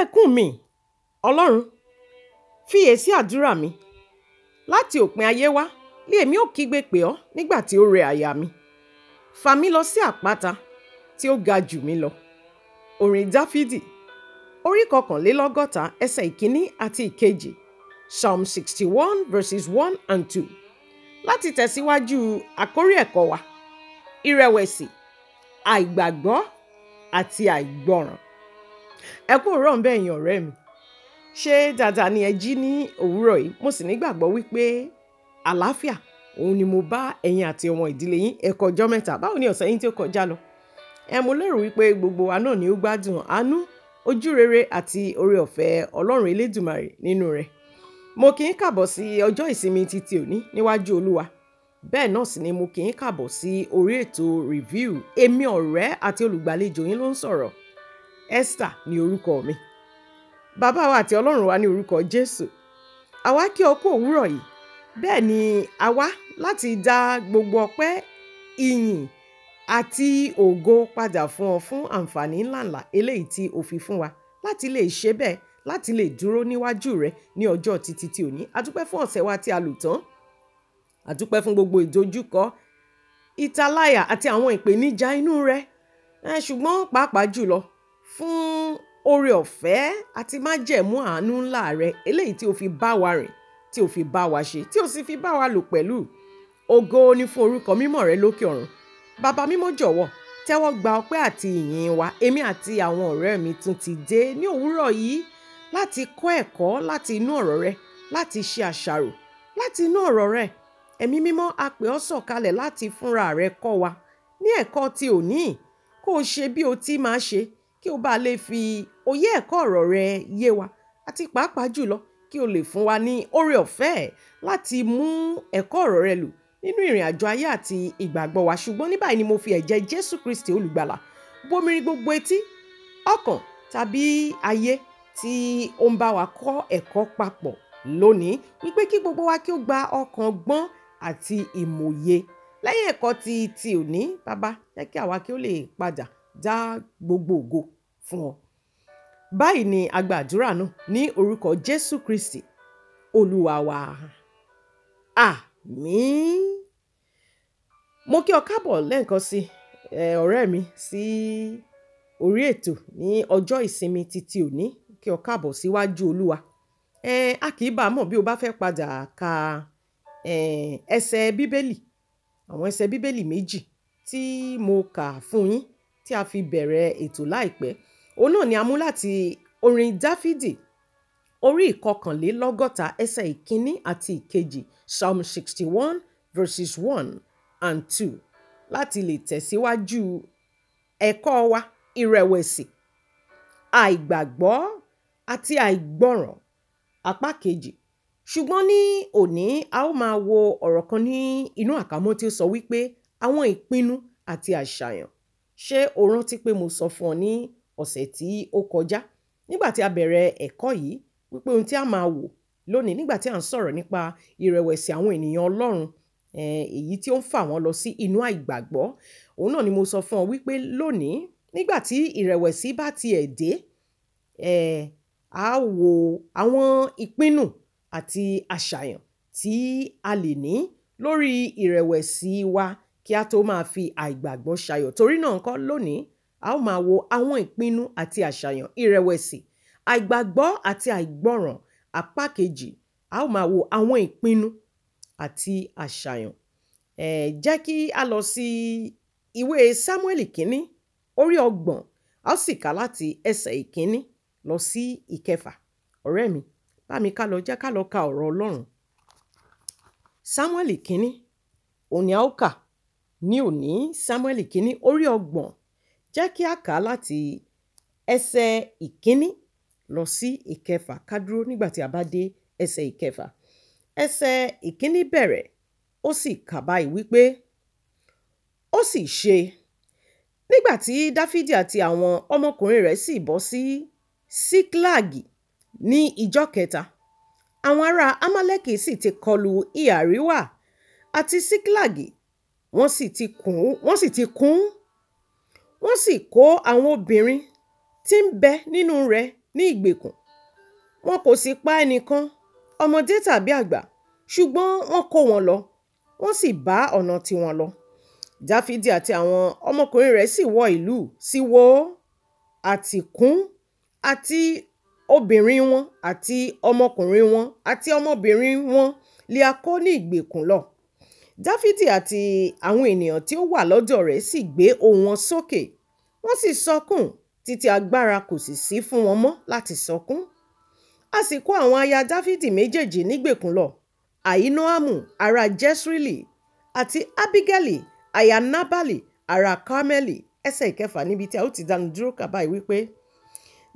àmọ̀tẹ́kùn mi ọlọ́run fiyèsí àdúrà mi láti òpin ayé wá ni èmi ò kígbe pè ọ́ nígbà tí ó rẹ àyà mi fà mí lọ sí àpáta tí ó ga jù mí lọ orin dáfídì orí kọkànlélọ́gọ́ta ẹsẹ̀ ìkíní àti ìkejì psalm sixty one verses one and two láti tẹ̀síwájú àkórí ẹ̀kọ́ wa ìrẹ̀wẹ̀sì àìgbàgbọ́ àti àìgbọràn. Ẹ kú òwúrọ̀ ńbẹ̀ ẹ̀yin ọ̀rẹ́ mi. Ṣé dáadáa ni ẹ jí ní òwúrọ̀ yìí? Mo sì nígbàgbọ́ wípé àlàáfíà òun ni mo bá ẹ̀yin àti ọmọ ìdílé yín. Ẹ ku ọjọ́ mẹ́ta. Báwo ni ọ̀sẹ̀ yín tí ó kọjá lọ? Ẹ mo lérò wípé gbogbo wa náà ni ó gbádùn àánú, ojúrere àti oore ọ̀fẹ́ Ọlọ́run Elédùmarè nínú rẹ̀. Mo kì í kàbọ̀ sí ọjọ́ ìsinmi titi òní níwájú Olúwa. Bẹ́ẹ̀ náà sì ni mo kì í kàbọ̀ sí orí ètò review. Èmi ọ̀rẹ́ àti olùgbàlejò yín ló ń sọ̀rọ̀. Esther ní orúkọ mi bàbá wa àti ọlọ́run wa ní orúkọ Jésù àwa kí ọ kú òwúrọ̀ yìí bẹ́ẹ̀ ni àwa láti dá gbogbo ọpẹ́ ìyìn àti ògo padà fún ọ fún àǹfààní ńláńlá eléyìí tí o fi fún wa láti lè ṣe bẹ́ẹ̀ láti lè dúró níwájú rẹ ní ọjọ́ títí tí òní àdúpẹ́ fún ọ̀sẹ̀ wa tí a lò tán àdúpẹ́ fún gbogbo ìdojúkọ ìtaláyà àti àwọn ìpèníjà inú rẹ ṣùgbọ́n pàápàá jùlọ fún oore ọ̀fẹ́ àti májẹ̀mú àánú ńlá rẹ eléyìí tí o fi bá wa rìn tí o fi bá wa ṣe tí o sì fi bá wa lò pẹ̀lú ògo ni fún orúkọ mímọ́ rẹ lókè ọ̀run bàbá mímọ́ jọ̀wọ́ tẹ́wọ́ gba ọpẹ́ àti ìyìn wa èmi àti àwọn ọ̀rẹ́ mi tún ti dé ní òwúrọ̀ yìí láti kọ́ ẹ̀kọ́ láti inú ọ̀rọ̀ rẹ láti ṣe àṣàrò láti inú ọ̀rọ̀ rẹ ẹ̀mí mímọ́ a pè ọ́ láti fúnra rẹ kọ́ wa ní ẹ̀kọ́ ti òní kó o ṣe bí o ti máa ṣe kí o bá lè fi òye ẹ̀kọ́ ọ̀rọ̀ rẹ yé wa àti pàápàá jùlọ kí o lè fún wa ní oore ọ̀fẹ́ láti mú ẹ̀kọ́ ọ̀rọ̀ rẹ lò nínú ìrìn àjò ayé àti ìgbàgbọ́ wa ṣùgbọ́n ní báyìí ni mo fi ẹ̀jẹ̀ Jésù Kristi olùgbàlà bomirin gbogbo etí ọkàn tàbí ayé tí ó ń bá wa kọ́ ẹ̀kọ́ papọ̀ lónìí wípé kí gbogbo wa kí ó gba ọkàn gbọ́n àti ìmòye lẹ́yìn ẹ̀kọ́ ti ti òní bàbá jẹ́ kí àwa kí ó lè padà dá gbogbo ògo fún ọ. Báyìí ni a gba àdúrà náà ní orúkọ Jésù Kristi Olúwa wa. Àmín. Mo kí ọ káàbọ̀ lẹ́ẹ̀kan sí ọ̀rẹ́ mi sí orí ètò ní ọjọ́ ìsinmi títí òní kí ọ káàbọ̀ síwájú Olúwa. Ẹ a kì í bá a mọ̀ bí o bá fẹ́ padà ka ẹsẹ̀ Bíbélì àwọn ẹsẹ̀ Bíbélì méjì tí mo kà fún yín tí a fi bẹ̀rẹ̀ ètò láìpẹ́ òun náà ni a mú láti orin dáfídì orí ìkọkànlélọ́gọ́ta ẹsẹ̀ ìkíní àti ìkejì psalm sixty one verses one and two láti lè tẹ̀síwájú ẹ̀kọ́ wa ìrẹ̀wẹ̀sì àìgbàgbọ́ àti àìgbọràn apá kejì ṣùgbọ́n ní òní a ó máa wo ọ̀rọ̀ kan ní inú àkámọ́ tí ó sọ wípé àwọn ìpinnu àti àṣàyàn Ṣé o rántí pé mo sọ fún ọ ní ọ̀sẹ̀ tí ó kọjá nígbà tí a bẹ̀rẹ̀ ẹ̀kọ́ yìí wípé ohun tí a máa wò lónìí nígbà tí à ń sọ̀rọ̀ nípa ìrẹ̀wẹ̀sì àwọn ènìyàn Ọlọ́run, èyí tí ó ń fà wọ́n lọ sí inú àìgbàgbọ́. Òun náà ni mo sọ fún ọ wípé lónìí nígbà tí ìrẹ̀wẹ̀sì bá ti dé, a ó wo àwọn ìpinnu àti àṣàyàn tí a lè ní lórí ìrẹ̀wẹ̀sì wa kí a tó máa fi àìgbàgbọ́ ṣayọ̀ torí náà ńkọ́ lónìí a ó máa wo àwọn ìpinnu àti àṣàyàn ìrẹ̀wẹ̀sì àìgbàgbọ́ àti àìgbọ́ràn apá kejì a ó máa wo àwọn ìpinnu àti àṣàyàn ẹ jẹ́ kí a lọ sí ìwé Sámúẹ́lì kínní orí ọgbọ̀n a ó sì kà láti ẹsẹ̀ ìkínní lọ sí ìkẹfà ọ̀rẹ́ mi bá mi ká lọ jẹ́ ká lọ ka ọ̀rọ̀ Ọlọ́run Sámúẹ́lì kínní òun a ó kà Ní òní Sámúẹ́lì kínní orí ọgbọ̀n jẹ́ kí á kà á láti ẹsẹ̀ ìkíní lọ sí ìkẹfà ká dúró nígbà tí a bá dé ẹsẹ̀ ìkẹfà. Ẹsẹ̀ ìkíní bẹ̀rẹ̀ ó sì kà báyìí wípé ó sì ṣe nígbà tí Dáfídì àti àwọn ọmọkùnrin rẹ̀ sì bọ́ sí Síklàgì ní ijọ́ kẹta àwọn ará Amálẹ́kì sì ti kọlu ìhà àríwá àti Síklàgì wọ́n sì ti kún wọ́n sì ti kún wọ́n sì kó àwọn obìnrin tí ń bẹ nínú rẹ̀ ní ìgbèkùn wọn kò sì pa ẹnìkan ọmọdé tàbí àgbà ṣùgbọ́n wọ́n kó wọn lọ wọ́n sì bá ọ̀nà tiwọn lọ dáfídì àti àwọn ọmọkùnrin rẹ̀ sì wọ ìlú sí wo àtìkún àti obìnrin wọn àti ọmọkùnrin wọn àti ọmọbìnrin wọn lè a ní ìgbèkùn lọ Dáfídì àti àwọn ènìyàn tí ó wà lọ́dọ̀ rẹ̀ sì gbé ohùn wọn sókè, wọ́n sì sọkún títí agbára kò sì sí fún wọn mọ́ láti sọkún. A sì kó àwọn aya Dáfídì méjèèjì nígbèkùn lọ, Ahinoamu ará Jesreeli àti Abigaili aya Nabali ará Carmeli ẹsẹ̀ ìkẹfà níbi tí a ó ti dánu dúró kà wípé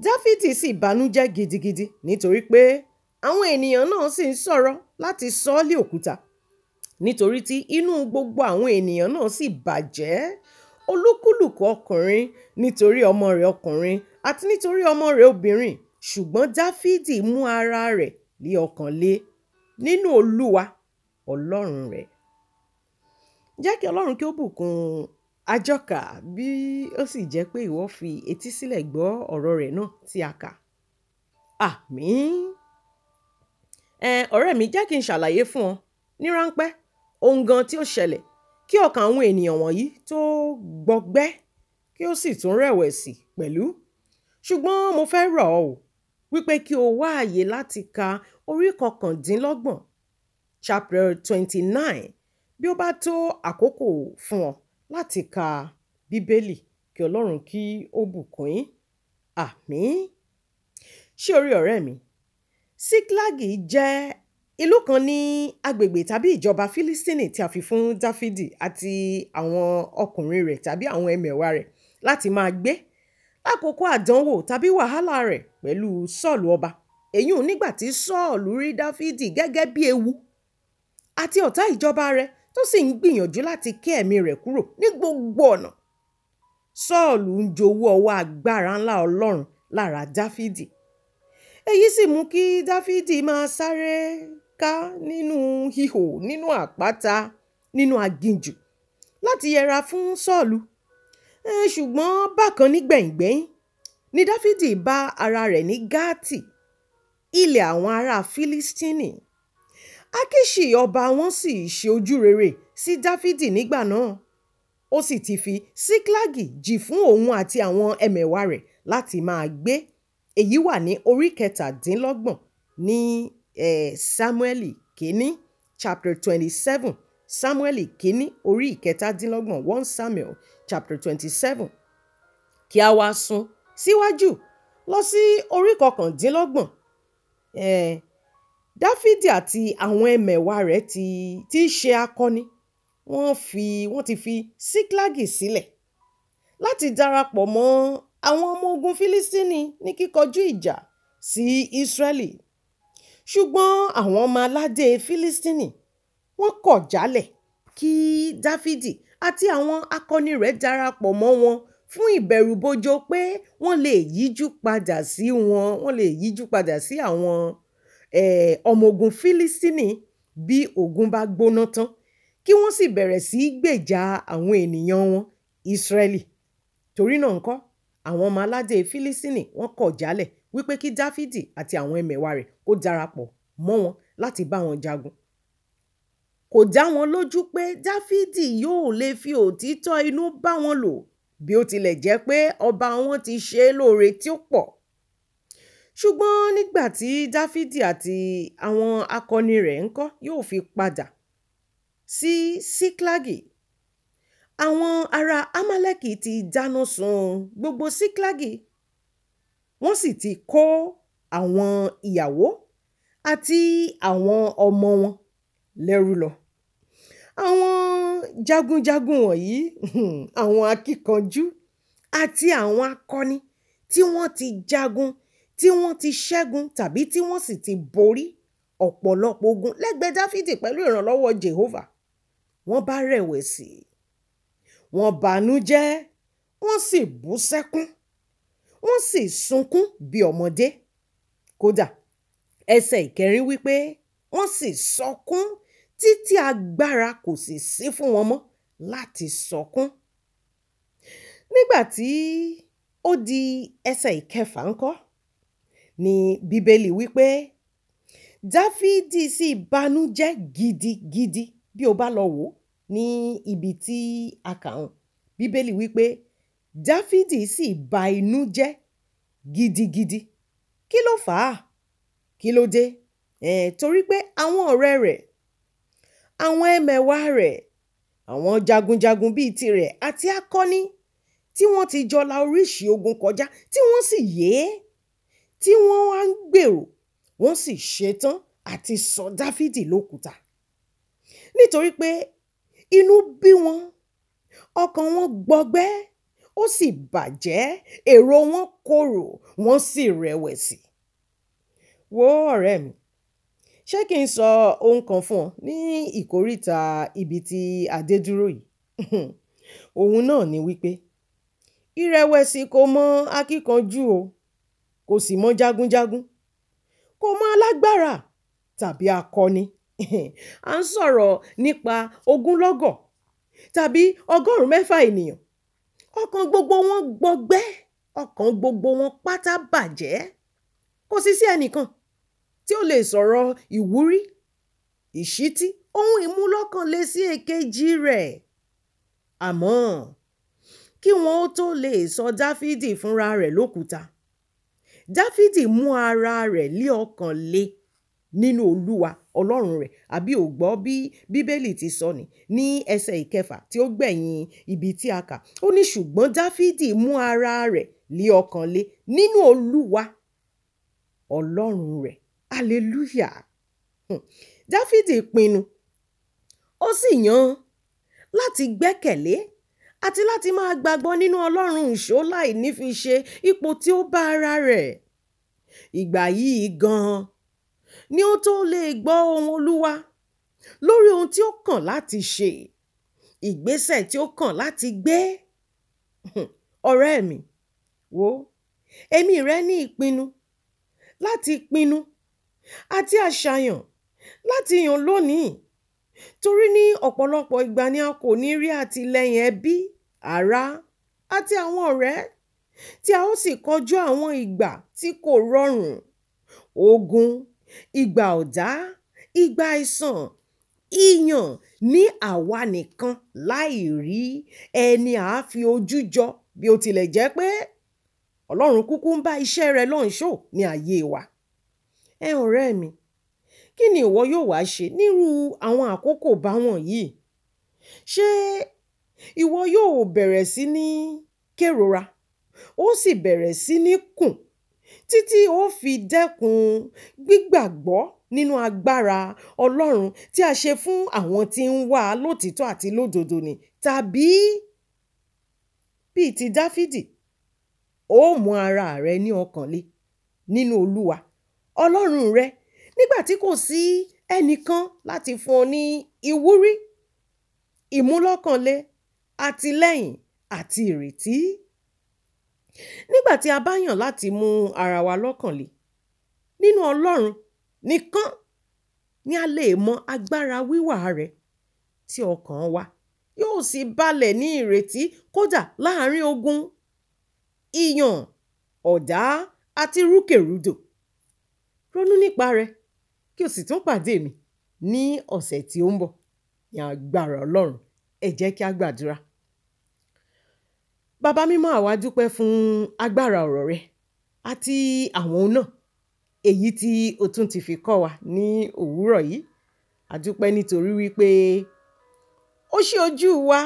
Dáfídì sì banújẹ́ gidigidi nítorí pé àwọn ènìyàn náà sì ń sọ̀rọ̀ láti sọ òkúta nítorí tí inú gbogbo àwọn ènìyàn náà sì bàjẹ́ olúkúlùkù ọkùnrin nítorí ọmọ rẹ̀ ọkùnrin àti nítorí ọmọ rẹ̀ obìnrin ṣùgbọ́n dáfídì mú ara rẹ̀ lé ọkàn lé nínú olúwa ọlọ́run rẹ̀ jẹ́ kí ọlọ́run kí ó bùkún àjọkà bí ó sì jẹ́ pé ìwọ fi etí sílẹ̀ gbọ́ ọ̀rọ̀ rẹ̀ náà tí a kà àmín ọ̀rẹ́ mi jẹ́ kí n ṣàlàyé fún ọ ní ráńpẹ́ ohun gan tí ó ṣẹlẹ̀ kí ọkàn àwọn ènìyàn wọ̀nyí tó gbọgbẹ́ kí ó sì tún rẹ̀wẹ̀sì pẹ̀lú. Ṣùgbọ́n mo fẹ́ rọ̀ ọ́ wípé kí o wá àyè láti ka orí kọkàndínlọ́gbọ̀n chapter twenty nine bí ó bá tó àkókò fún ọ láti ka bíbélì kí Ọlọ́run kí ó bùkún yín. Àmín. Ṣé orí ọ̀rẹ́ mi? Síkílágì jẹ́ Ìlú kan ní agbègbè tàbí ìjọba Filistini tí a fi fún Dafidi àti àwọn ọkùnrin rẹ̀ tàbí àwọn ẹmẹ̀wà rẹ̀ láti máa gbé lákòókò àdánwò tàbí wàhálà rẹ̀ pẹ̀lú Sọ́ọ̀lù ọba. Èyún nígbà tí Sọ́ọ̀lù rí Dafidi gẹ́gẹ́ bí ewu àti ọ̀tá ìjọba rẹ̀ tó sì ń gbìyànjú láti ké ẹ̀mí rẹ̀ kúrò ní gbogbo ọ̀nà. Sọ́ọ̀lù ń jowú ọwọ́ agbára ńlá Ọlọ́run lára Dafidi. Èyí sì mú kí Dafidi máa sáré ká nínú ihò nínú àpáta nínú aginjù láti yẹra fún Sọ́ọ̀lù ẹ ṣùgbọ́n bákan nígbẹ̀yìngbẹ́yín ni Dáfídì bá ara rẹ̀ ní Gáàtì ilẹ̀ àwọn ará Fílístínì Akiṣi ọba wọn sì ṣe ojúrere sí Dáfídì nígbà náà ó sì ti fi Síklàgì jì fún òun àti àwọn ẹmẹ̀wà rẹ̀ láti máa gbé èyí wà ní orí kẹtàdínlọ́gbọ̀n ní eh, Samueli kínní chapter twenty seven Samueli kínní orí ìkẹtàdínlọ́gbọ̀n one Samuel chapter twenty seven kí a wá sún síwájú lọ sí orí kọkàndínlọ́gbọ̀n eh, Dáfídì àti àwọn ẹmẹ̀wà rẹ̀ ti ti ṣe akọni wọ́n fi wọ́n ti fi Síklágì sílẹ̀ láti darapọ̀ mọ́ àwọn ọmọ ogun Fílístínì ní kíkọjú ìjà sí Ísírẹ́lì ṣùgbọ́n àwọn ọmọ aládé fílístínì wọ́n kọ̀ jálẹ̀ kí dáfídì àti àwọn akọni rẹ̀ darapọ̀ mọ́ wọn fún ìbẹ̀rùbojo pé wọ́n lè yíjú padà sí wọn wọ́n lè yíjú padà sí àwọn ọmọ ogun fílístínì bí ogun bá gbóná tán kí wọ́n sì bẹ̀rẹ̀ sí í gbèjà àwọn ènìyàn wọn ìsírẹ́lì torí náà ńkọ́ àwọn ọmọ aládé fílístínì wọ́n kọ̀ jálẹ̀ wípé kí Dáfídì àti àwọn ẹmẹ̀wà rẹ̀ kó darapọ̀ mọ́ wọn láti bá wọn jagun. Kò dá wọn lójú pé Dáfídì yóò lè fi òtítọ́ inú bá wọn lò bí ó tilẹ̀ jẹ́ pé ọba wọn ti ṣe é lóore tí ó pọ̀. Ṣùgbọ́n nígbà tí Dáfídì àti àwọn akọni rẹ̀ ńkọ́ yóò fi padà sí Síklàgì àwọn ará Amálẹ́kì ti dáná sun gbogbo Síklàgì wọ́n sì ti kó àwọn ìyàwó àti àwọn ọmọ wọn lẹ́rú lọ. Àwọn jagunjagun wọ̀nyí, hmm, àwọn akíkanjú àti àwọn akọni tí wọ́n ti jagun, tí wọ́n ti ṣẹ́gun tàbí tí wọ́n sì ti borí ọ̀pọ̀lọpọ̀ ogun lẹ́gbẹ̀ẹ́ Dafidi pẹ̀lú ìrànlọ́wọ́ Jehova. Wọ́n bá rẹ̀wẹ̀sì, wọ́n banújẹ́, wọ́n sì bú sẹ́kún wọ́n sì sunkún bí ọmọdé kódà ẹsẹ̀ ìkẹrin wípé wọ́n sì sọkún títí agbára kò sì sí fún wọn mọ́ láti sọkún nígbà tí ó di ẹsẹ̀ ìkẹfà ńkọ́ ni bíbélì wípé dáfídì sì banújẹ́ gidigidi bí o bá lọ wò ní ibi tí a kà ń bíbélì wípé Dafidi sì ba inú jẹ́ gidigidi. Kí ló fà á? Kí ló dé? Ẹ̀ torí pé àwọn ọ̀rẹ́ rẹ̀, àwọn ẹmẹ̀wà rẹ̀, àwọn jagunjagun bíi tirẹ̀ àti akọni tí wọ́n ti jọ la oríṣi ogun kọjá tí wọ́n sì yè é, tí wọ́n wá ń gbèrò, wọ́n sì ṣetán àti sọ Dafidi lókùúta. Nítorí pé inú bí wọn, ọkàn wọn gbọgbẹ́, ó sì bàjẹ́ èrò wọn korò wọ́n sì rẹ̀wẹ̀sì. wo ọ̀rẹ́ mi ṣé kí n sọ ohun kan fún ọ ní ìkóríta ibi tí adé dúró yìí òun náà ni wípé ìrẹ̀wẹ̀sì kò mọ akíkanjú o kò sì mọ jagunjagun kò mọ alágbára tàbí akọni à ń sọ̀rọ̀ nípa ogúnlọ́gọ̀ tàbí ọgọ́rùn-ún mẹ́fà ènìyàn ọkàn gbogbo wọn gbọgbẹ́ ọkàn gbogbo wọn pátá bàjẹ́ kò sì sí ẹnìkan tí ó lè sọ̀rọ̀ ìwúrí ìṣítí ohun ìmúlọ́kàn lé sí èkejì rẹ̀ àmọ́ kí wọn ó tó lè sọ dáfídì fúnra rẹ̀ lókúta dáfídì mú ara rẹ̀ lé ọkàn lé nínú olúwa Ọlọ́run rẹ̀. Àbí ò gbọ́ bí Bíbélì ti sọ ní, ní ẹsẹ̀ ìkẹfà tí ó gbẹ̀yìn ibi tí a kà. Ó ní ṣùgbọ́n Dafidi mú ara rẹ̀ lé ọkàn le nínú Olúwa Ọlọ́run rẹ̀. Hallelujah! Hmm. Dafidi pinnu, ó sì yan láti gbẹ́kẹ̀lé àti láti máa gbàgbọ́ nínú Ọlọ́run ìṣó láìní fi ṣe ipò tí ó bá ara rẹ̀. Ìgbà yìí gan-an ni ó tó lè gbọ́ ohùn Olúwa lórí ohun tí ó kàn láti ṣe, ìgbésẹ̀ tí ó kàn láti gbé. Ọ̀rẹ́ mi, wò ó, èmi rẹ ní ìpinnu láti pinnu àti àṣàyàn láti yàn lónìí. Torí ní ọ̀pọ̀lọpọ̀ ìgbà ni a kò ní rí àtìlẹ́yìn ẹbí, ará àti àwọn ọ̀rẹ́ tí a ó sì kọjú àwọn ìgbà tí kò rọrùn, ogun ìgbà ọ̀dá ìgbà àìsàn ìyàn ní àwa nìkan láì rí ẹni à á fi ojú jọ bí ó tilẹ̀ jẹ́ pé ọlọ́run kúkú ń bá iṣẹ́ rẹ̀ lọ́nṣọ́ ní ayé wa. ẹ ọ̀rẹ́ mi kí ni ìwọ yóò wá ṣe nírú àwọn àkókò báwọn yìí ṣé ìwọ yóò bẹ̀rẹ̀ sí ní kérora ó sì bẹ̀rẹ̀ sí ní kùn títí ó fi dẹ́kun gbígbàgbọ́ nínú agbára Ọlọ́run tí a ṣe fún àwọn tí ń wá a lótìítọ́ àti lódodo ni tàbí bíi ti Dáfídì ó mú ara rẹ ní ọkàn le nínú Olúwa Ọlọ́run rẹ nígbà tí kò sí ẹnìkan láti fún ọ ní ìwúrí ìmúlọ́kànle àtìlẹ́yìn àti ìrètí. Nígbà tí a bá yàn láti mú ara wa lọ́kàn le, nínú Ọlọ́run nìkan ni a lè mọ agbára wíwà rẹ̀ tí ọkàn wa yóò sì balẹ̀ ní ìrètí kódà láàárín ogun, ìyàn, ọ̀dá àti rúkèrúdò. Ronú nípa rẹ̀ kí o sì tún pàdé mi ní ọ̀sẹ̀ tí ó ń bọ̀. Ní agbára Ọlọ́run, ẹ jẹ́ kí a gbàdúrà. Baba mímọ́ àwa dúpẹ́ fún agbára ọ̀rọ̀ rẹ àti àwọn ọ̀nà èyí tí o tún ti fi kọ́ wa ní òwúrọ̀ yìí. A dúpẹ́ nítorí wípé ó ṣí ojú wa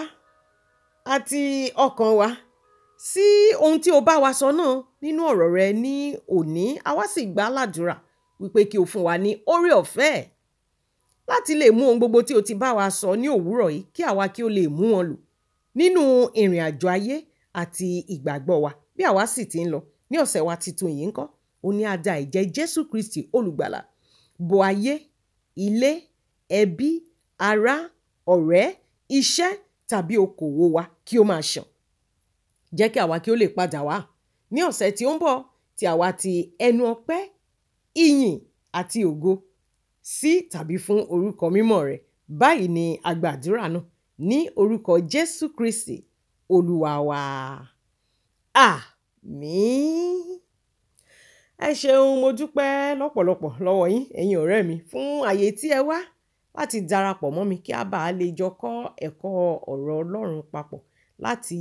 àti ọkàn wa sí ohun tí o bá wa sọ náà nínú ọ̀rọ̀ rẹ ní òní. A sì gbá ládùrá wípé kí o fún wa ní oore ọ̀fẹ́ láti lè mú ohun gbogbo tí o ti bá wa sọ ní òwúrọ̀ yìí kí àwa kí ó lè mú wọn lò nínú ìrìnàjò ayé àti ìgbàgbọ́ wa bí àwa sì ti ń lọ ní ọ̀sẹ̀ wa titun yìí ńkọ́ ó ní a da ẹ̀jẹ̀ Jésù Kristi olùgbàlà bo ayé ilé ẹbí ará ọ̀rẹ́ iṣẹ́ tàbí okòwò wa kí ó máa ṣàn jẹ́ kí àwa kí ó lè padà wá ní ọ̀sẹ̀ tí ó ń bọ̀ tí àwa ti ẹnu ọpẹ́ ìyìn àti ògo sí tàbí fún orúkọ mímọ́ rẹ̀ báyìí ni àgbàdúrà náà ní orúkọ Jésù Kristi Olúwa wa. Àmín. Ẹ ṣeun, mo dúpẹ́ lọ́pọ̀lọpọ̀ lọ́wọ́ yín, ẹ̀yin ọ̀rẹ́ mi, fún ààyè tí ẹ wá láti darapọ̀ mọ́ mi kí a bá lè jọ kọ́ ẹ̀kọ́ ọ̀rọ̀ Ọlọ́run papọ̀ láti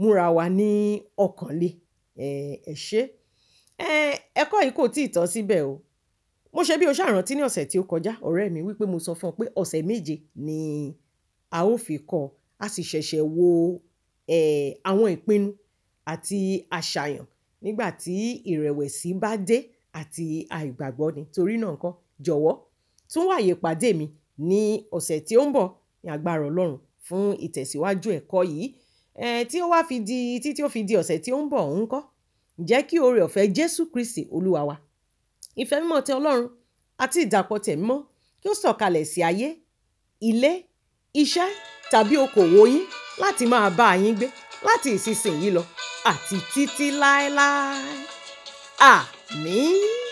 múra wa ní ọ̀kan lé. Ẹ ṣé. Ẹ̀kọ́ yìí kò tíì tán síbẹ̀ o. Mo ṣe bí o ṣà ní ọ̀sẹ̀ tí ó kọjá, ọ̀rẹ́ mi wípé mo sọ fún ọ pé ọ̀sẹ̀ méje ni a ó fi kọ́ a sì ṣẹ̀ṣẹ̀ wo um àwọn ìpinnu àti àṣàyàn nígbà tí ìrẹ̀wẹ̀sì bá dé àti àìgbàgbọ́ ni. Torí náà ńkọ́ jọ̀wọ́ tún wàyè pàdé mi ní ọ̀sẹ̀ tí ó ń bọ̀ ní agbára Ọlọ́run fún ìtẹ̀síwájú ẹ̀kọ́ yìí. um Tí ó wá fi di títí ó fi di ọ̀sẹ̀ tí ó ń bọ̀ òun ńkọ́, jẹ́ kí oore ọ̀fẹ́ Jésù Kristi Olúwa wa, ìfẹ́ mímọ́ tẹ Ọlọ́run àti ìdàpọ̀ tẹ̀mí mọ́ kí ó sọ̀kalẹ̀ sí ayé, ilé, iṣẹ́ tàbí okòwò yín láti máa bá yín gbé láti ìsinsìnyí lọ àti títí láéláé. Àmín.